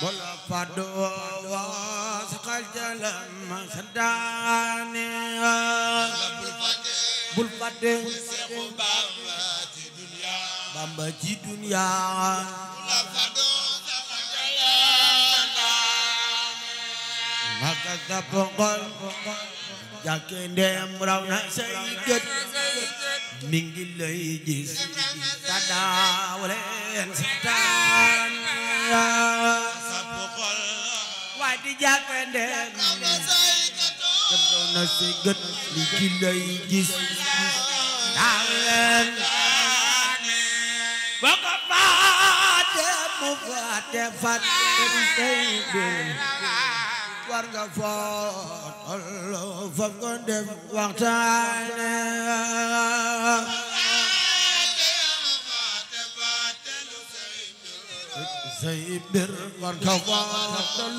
bul fadu wasqal jalam sadani bul fadu bamba ci dunya maka sa pokol jakende raw na say gët mi ngi lay gis tadaaw leen setaan di jàkkande dem na si gët li ki lay gis daa leen boo ko faate mu faate faate bi war nga footol faf ko dem waxtaane say mbir war nga footol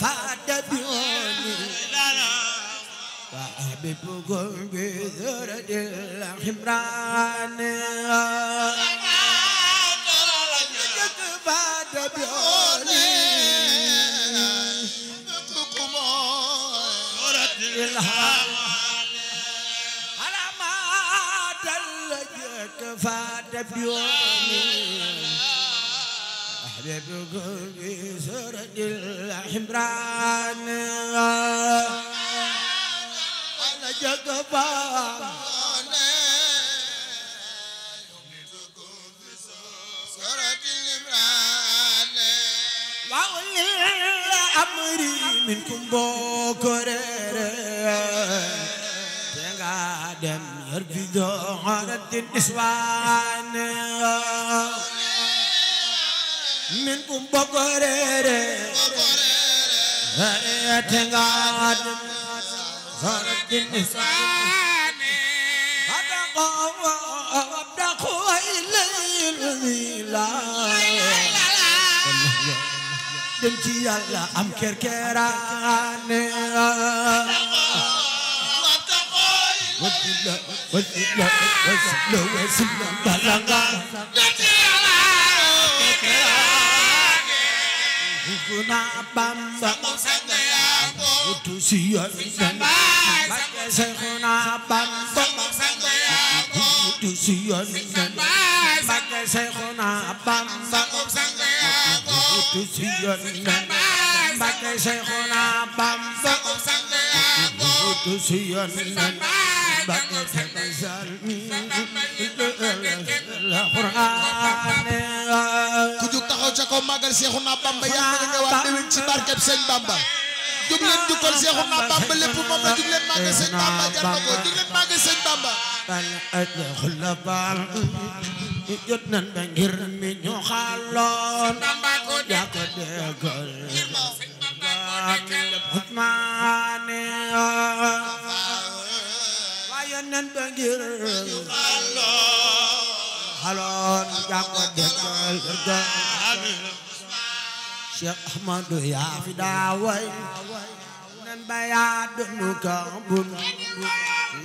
فاتبعوني وأحببكم بذرة الحمران فاتبعوني على ما دلجك فاتبعوني بكل سورة الحمران أنا جقبان أمري منكم بكرر تنقادم يرفض عرض النسوان منكم بقرير هيتنغاد صارت النسان أدقوا وابدقوا إلي الويلان dem ci yàlla am kerkeraane wasila wasila wasila wasila balanga Guna Bamba Sama sang ya mo Utu siya Sama Syekhuna Bamba Sama sang ya mo Utu siya Sama Syekhuna Bamba Sama sang ya mo Utu siya Sama Syekhuna Bamba Sama sang ya mo Utu siya Sama Syekhuna Bamba Sama sang ya mo alxuraan ku jug taxaw ca kaw màggal Seexuna Bamba yàlla na nga ñëwaat déwén ci barkeb Sëñ Bamba jug leen jukkal Seexuna Bamba lépp moom la jug leen màggal Sëñ Bamba jar na ko jug leen màggal Sëñ Bamba jot nan ba ngir mi ñu xaloon yaa ko déggal Usmaane xaloon jàngo dekkal ga Cheikh Ahmadou yaa fi daaway nen ba yaa dunu kambun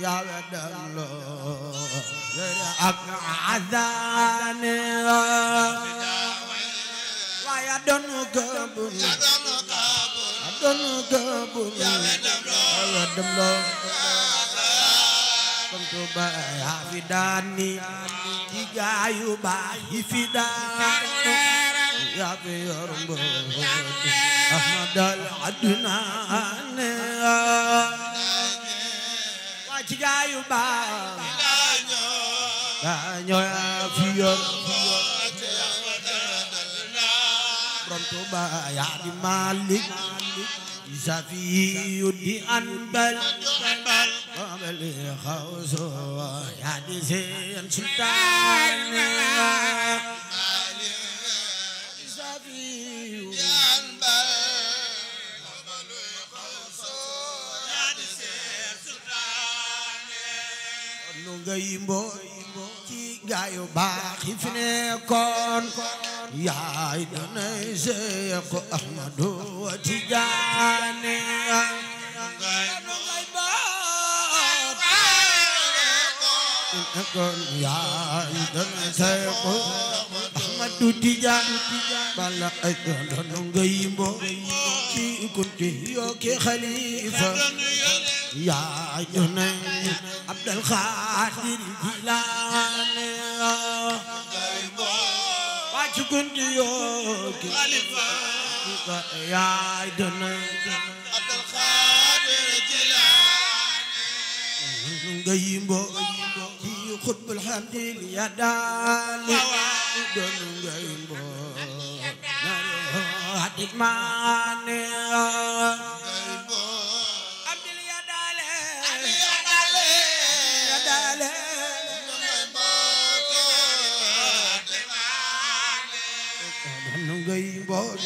yaa weddal loo ak azaane waaye dunu kambun dunu kambun yaa weddal loo kontu baay haa fi daani ci gaayu baay fi daani yaa fi yor mbooti ahmad al adnaane waa ci gaayu baay di maalik yi li xawsu yaa di seen sultaan nu nga yimbo ci gaayu baax yi fi nekkoon yaay danay seex Ahmadu Tijaani kon yaay dana sayko Ahmadu Tijaan bala ay doon ngay mbo ci kunti yoo ke xalifa yaay dana Abdul Xaadir Jilaani waa ci kunti yoo ke xalifa yaay dana Abdul Xaadir Jilaani ngay mbo xutbul xamdin ya daali doon ngay mboor hadik maane abdil ya daale ya daale ya daale doon ngay mboor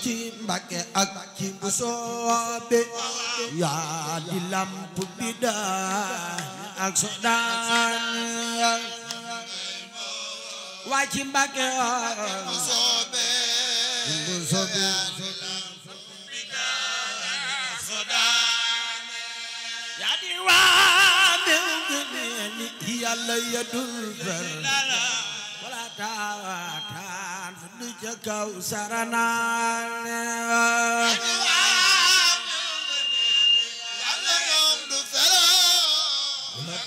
ci Mbàkke ak ci bu soobe yaa di lamp bi daa ak Sudan waa ci Mbàkke yàlla ya dul fer wala taataan fu du ca kaw saranaan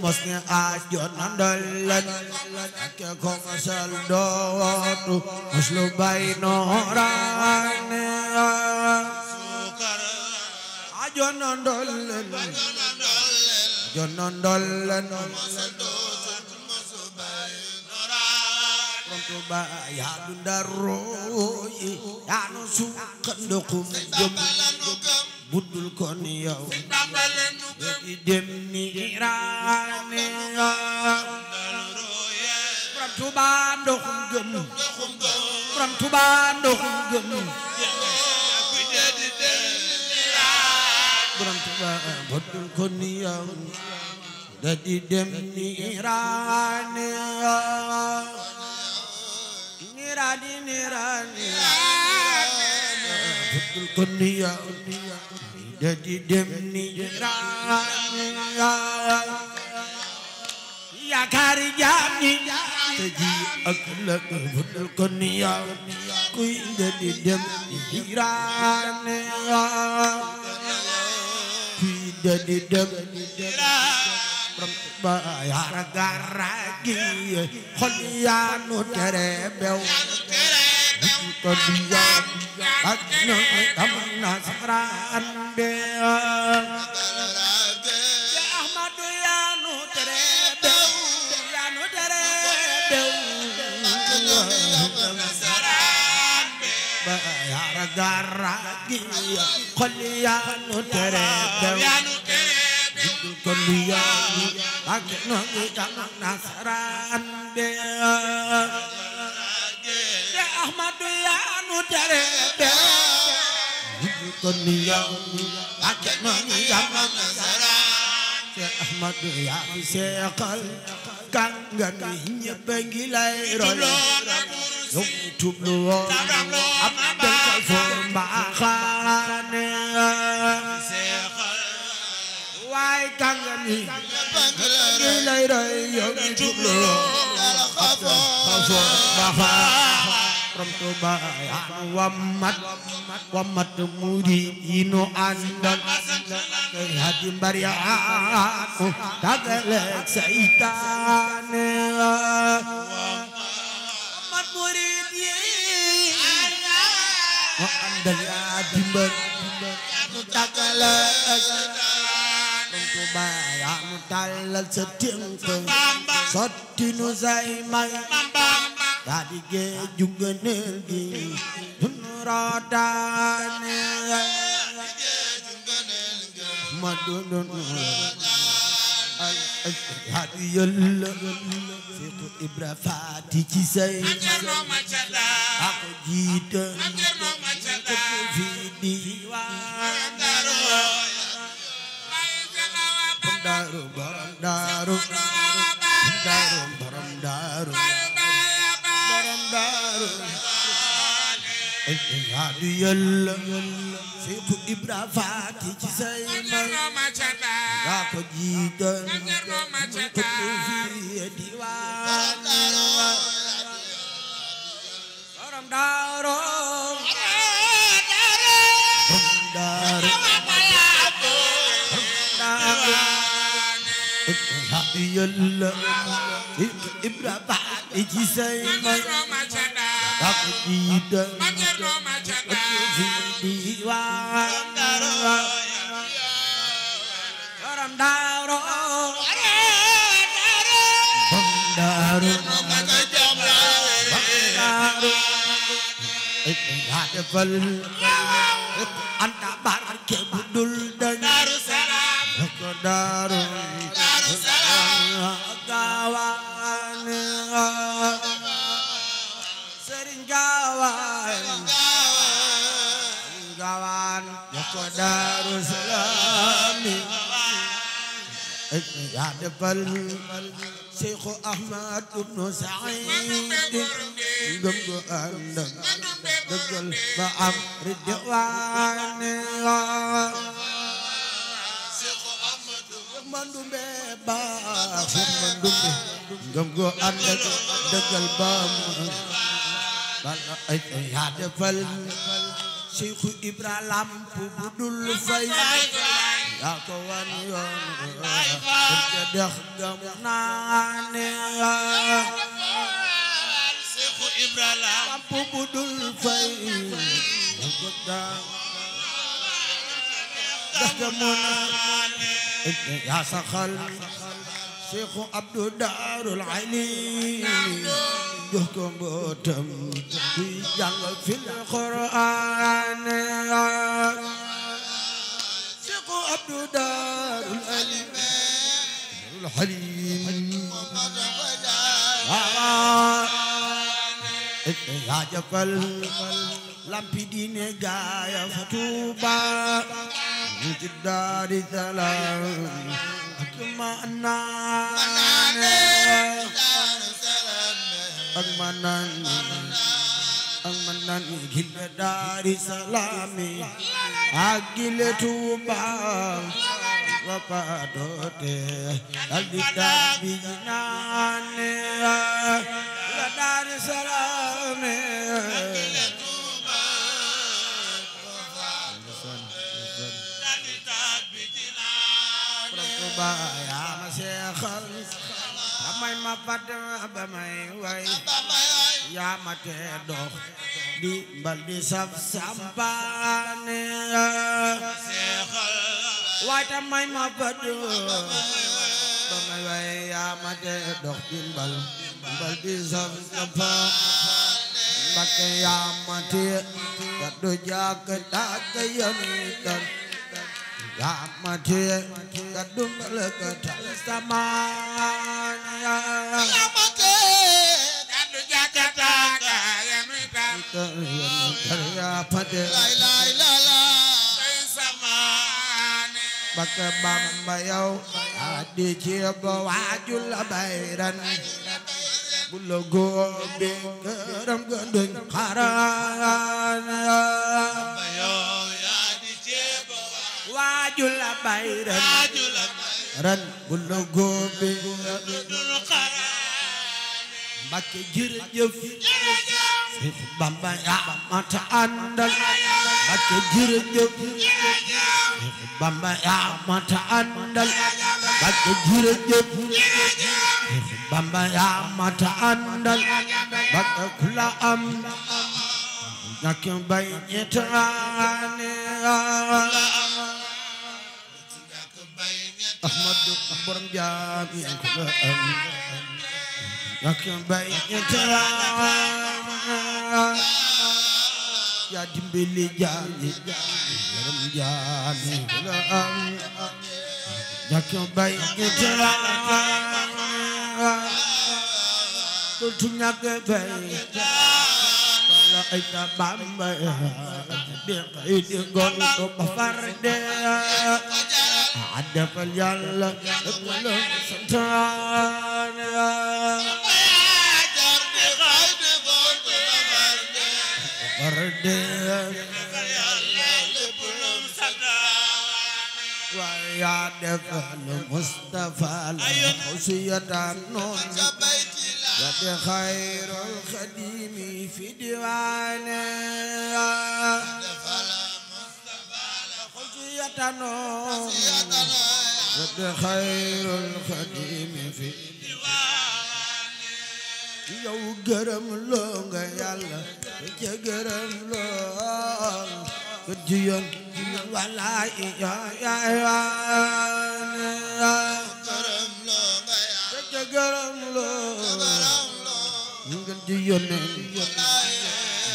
mos nga aajo na ndollen ke ko mosal dootu mos lu bay nooraane aajo na ndollen aajo na ndollen Tuba yaa du ndarooyi yaa nu sukkandiku jëm budul kon yow tambale nu ki dem ni raane borom Tuuba ndoxum gëm borom Tuuba ndoxum gëm borom Tuuba budul kon yow dadi dem ni raane ni raane ni raane القنية ددي دمني يا كاري جامي تجي أكلك فن القنية كوي ددي دمني جيران كوي ددي دمني جيران يا رجع راجي خليانو تربو kon biyaa ak ñoom tam nasaraan be garagi koliyanu terebe koliyanu agno gama nasaran be Ahmadu jarada konniyam akman yaman sara Cheikh Ahmad ya seexal kan nga ni ñépp ngi lay rol yo tublu ab dal fo mbaxaane seexal way kan nga ni ngi lay roy yo tublu ab dal fo mbaxaane borom Tuuba yaa nu wammat wammat muriidinu àndoon kay nu tàggaleeg saytaane wammat muriidinu àndoon yaa dimbar yaa nu tàggaleeg borom Tuuba yaa nu tàllal sa tënk sotti daa di géeju ngëneel gi dunu rootaane ma dundun yaa di yëlla Seexu Ibra Faati ci say ak jiita ko fi di waan daaru borom daaru du yàlla Seexu Ibra faati ci say maa ko jiital ko fi diwaan borom daaro du yàlla Seexu Ibra faati anta barke bu jabal Seexu Ahmad ibnu Saïd ngëm gu ànd dëggal ba am ridwaane Seexu Ahmad mandumbe ba Seex mandumbe ngëm gu ànd dëggal ba bal ay yaa jabal Seexu Ibra Lamp bu dul fay yaa ko wan yoon ca dex gam naa ne Seexu Ibra la kamp bu dul fay yaa ko daan dex gam naa ne yaa saxal Seexu Abdu Daarul Alim jox ko mbootam buy jàng fil Quraan حليم yaa jëfal lampi diine gaaya fa tuuba mu ci daari salaam ak manaane ak manaane ak manaane gile daari salaami ak gile tuuba وفاتوتي الدار بجناني لدار سلامي يا مسيخ amay ma fat ba may way yaa ma te dox di mbal di saf sampaane waay ta may ma badu ba may waay yaa ma te dox dimbal dimbal bi saf safa Mbakke yaa ma te gàddu jàkk tàkk yanu tan yaa ma te gàddu mbalak tal samaan yaa ma te gàddu jàkk tàkk yanu tan yaa ma te bakk Bamba yow addi ceeb waaju la bayran bu la góobe gërëm gënduñ xaraan waaju la bayran ren bu la góobe gërëm gënduñ xaraan Mbakke jërëjëf Seex Bamba yaa mata àndal Mbakke jërëjëf Seex Bamba yaa mata àndal Mbakke jërëjëf Seex Bamba yaa mata àndal Mbakke kula am ñàkk bay ñettaane Ahmadu borom yaa dimbali jaani yaram jaani la am ñàkk bay ñetela dootu ñàkk bay la ay ta bamba de ay de gol ko bafar de adafal yàlla la santaana رديان ويا دفع المصطفى الحسية النون يد خير الخديم في ديوانه دفع المصطفى الحسية النون يد خير الخديم في yow gërëm loo nga yàlla ca gërëm loo ko jiyoon walaay gërëm loo nga yàlla ca gërëm loo nga jiyoon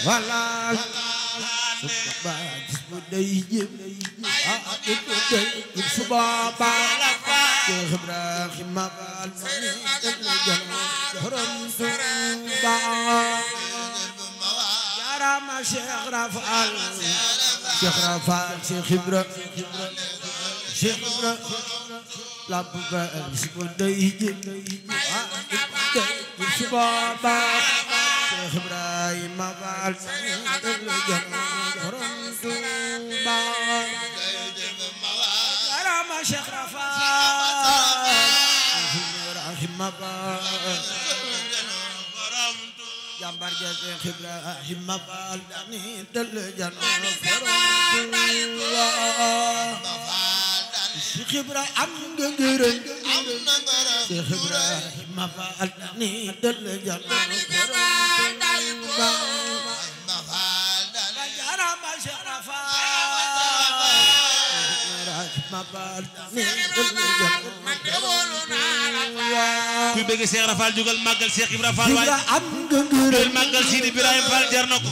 walaay suba ba gis mu day jëm ah, ah, suba ba Cheikh Ibrahima Fall Cheikh Ibrahima Cheikh Ibrahima la buga sibo dey je sibo ba Cheikh Ibrahima Fall ba Cheikh Rafa Ibrahima jàmbar ja Seex Ibrahima Faal dani del janoon Seex Ibra am nga ngërëm Seex Ibrahima Faal dani del janoon kuy bëgg Cheikh Rafal jugal màggal Cheikh Ibra Fall waay del màggal Sidi Ibrahima Fall jar na ko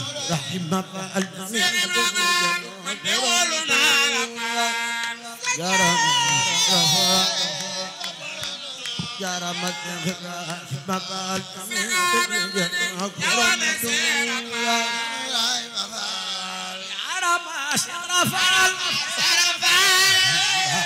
jaara ma Cheikh Rafal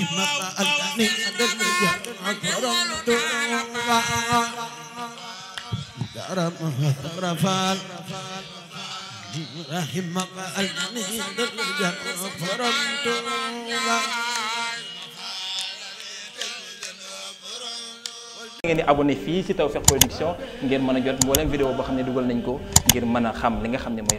كما ألقاني على الجنة كرم رفال رحم ألقاني ngeen di Production ngeen mën a jot mboolem vidéo boo xam ne dugal nañ ko ngir mën a xam li nga xam ne mooy